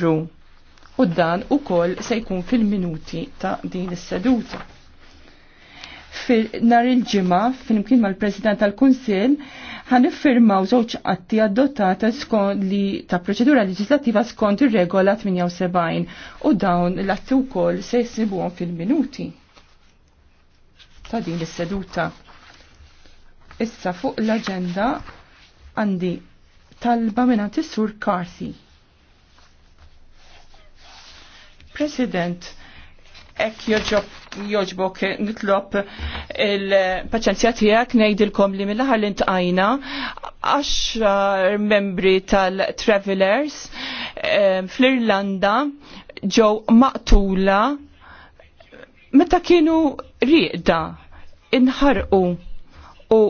ru. U dan u koll se jkun fil-minuti ta' din is-seduta. Nar il-ġimma, fil-imkien mal-President tal-Kunsil, ħan iffirmaw żewġ atti adottata li ta' proċedura legislativa skont ir-regola 78 u dawn l-atti wkoll se jsibuhom fil-minuti ta' din is-seduta. Issa fuq l-aġenda għandi talba minn is-sur Carthy. President, ek joġbok nitlob il-paċenzja tijak nejdilkom li mill-ħar l-intqajna 10 membri tal-Travelers eh, fl-Irlanda ġew maqtula meta kienu riqda inħarqu u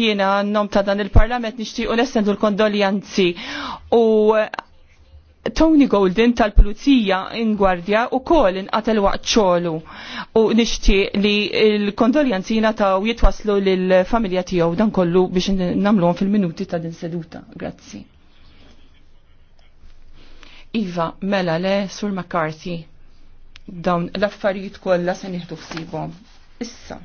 jiena nom ta' dan il-parlament nixtiequ nestendu l-kondoljanzi u Tony Golden tal-Pulizija ingwardja u kol inqatel waqt ċolu u nixtieq li l-kondoljanzi jingħataw jitwaslu lill-familja tiegħu dan kollu biex nagħmluhom fil-minuti ta' din seduta. Grazzi. Iva, mela le, Sur McCarthy, dawn l-affarijiet kollha se nieħdu ħsibhom. Issa,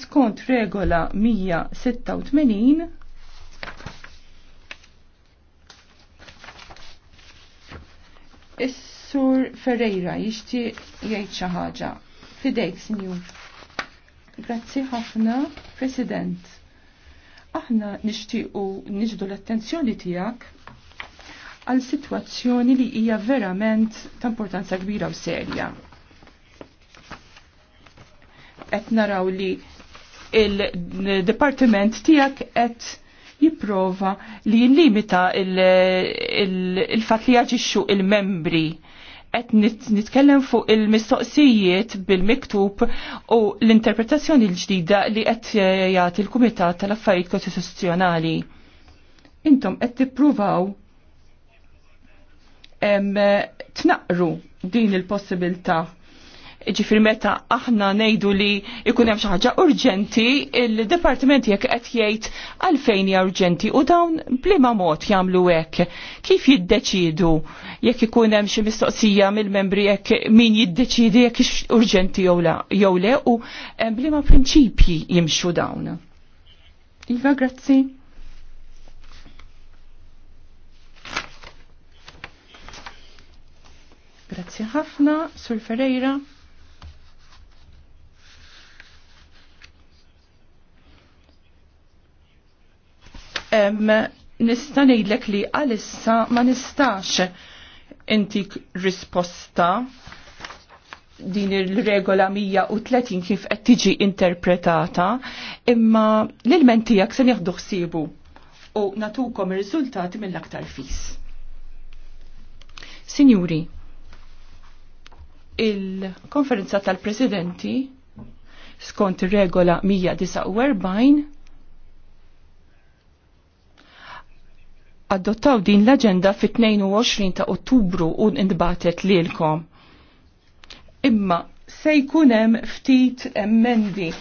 skont regola 186 Is-Sur Ferreira jixtie jgħid xi ħaġa. Fidejk, Sinjur. Grazzi ħafna, President. Aħna nixtiequ niġdu l-attenzjoni tiegħek għal sitwazzjoni li hija verament ta' importanza kbira u serja. Qed naraw li il-departiment tiegħek qed jipprova li jillimita il-fat li jaġixxu il-membri qed nitkellem fuq il-mistoqsijiet bil-miktub u l-interpretazzjoni l-ġdida li qed jagħti l-Kumitat tal-Affarijiet Kostituzzjonali. Intom qed tippruvaw tnaqru din il-possibilità ġifir meta aħna nejdu li ikun hemm xi ħaġa urġenti, il-Departiment jekk qed jgħid għalfejn hija urġenti u dawn bliema mod jagħmlu hekk. Kif jiddeċidu jekk ikun hemm xi mistoqsija mill-membri jekk min jiddeċidi jekk urġenti jew le u bliema prinċipji jimxu dawn. Iva, grazzi. Grazzi ħafna, Sur Ferreira. nista' ngħidlek li għalissa ma nistax intik risposta din il-regola 130 kif qed tiġi interpretata, imma l-ilment tiegħek se nieħdu ħsiebu u natukom ir-riżultati mill-aktar fis. Sinjuri, il-konferenza tal-presidenti skont ir-regola 149 adottaw din l-agenda fit-22 ta' Ottubru u ndbatet lilkom. Imma se jkunem ftit emmendi.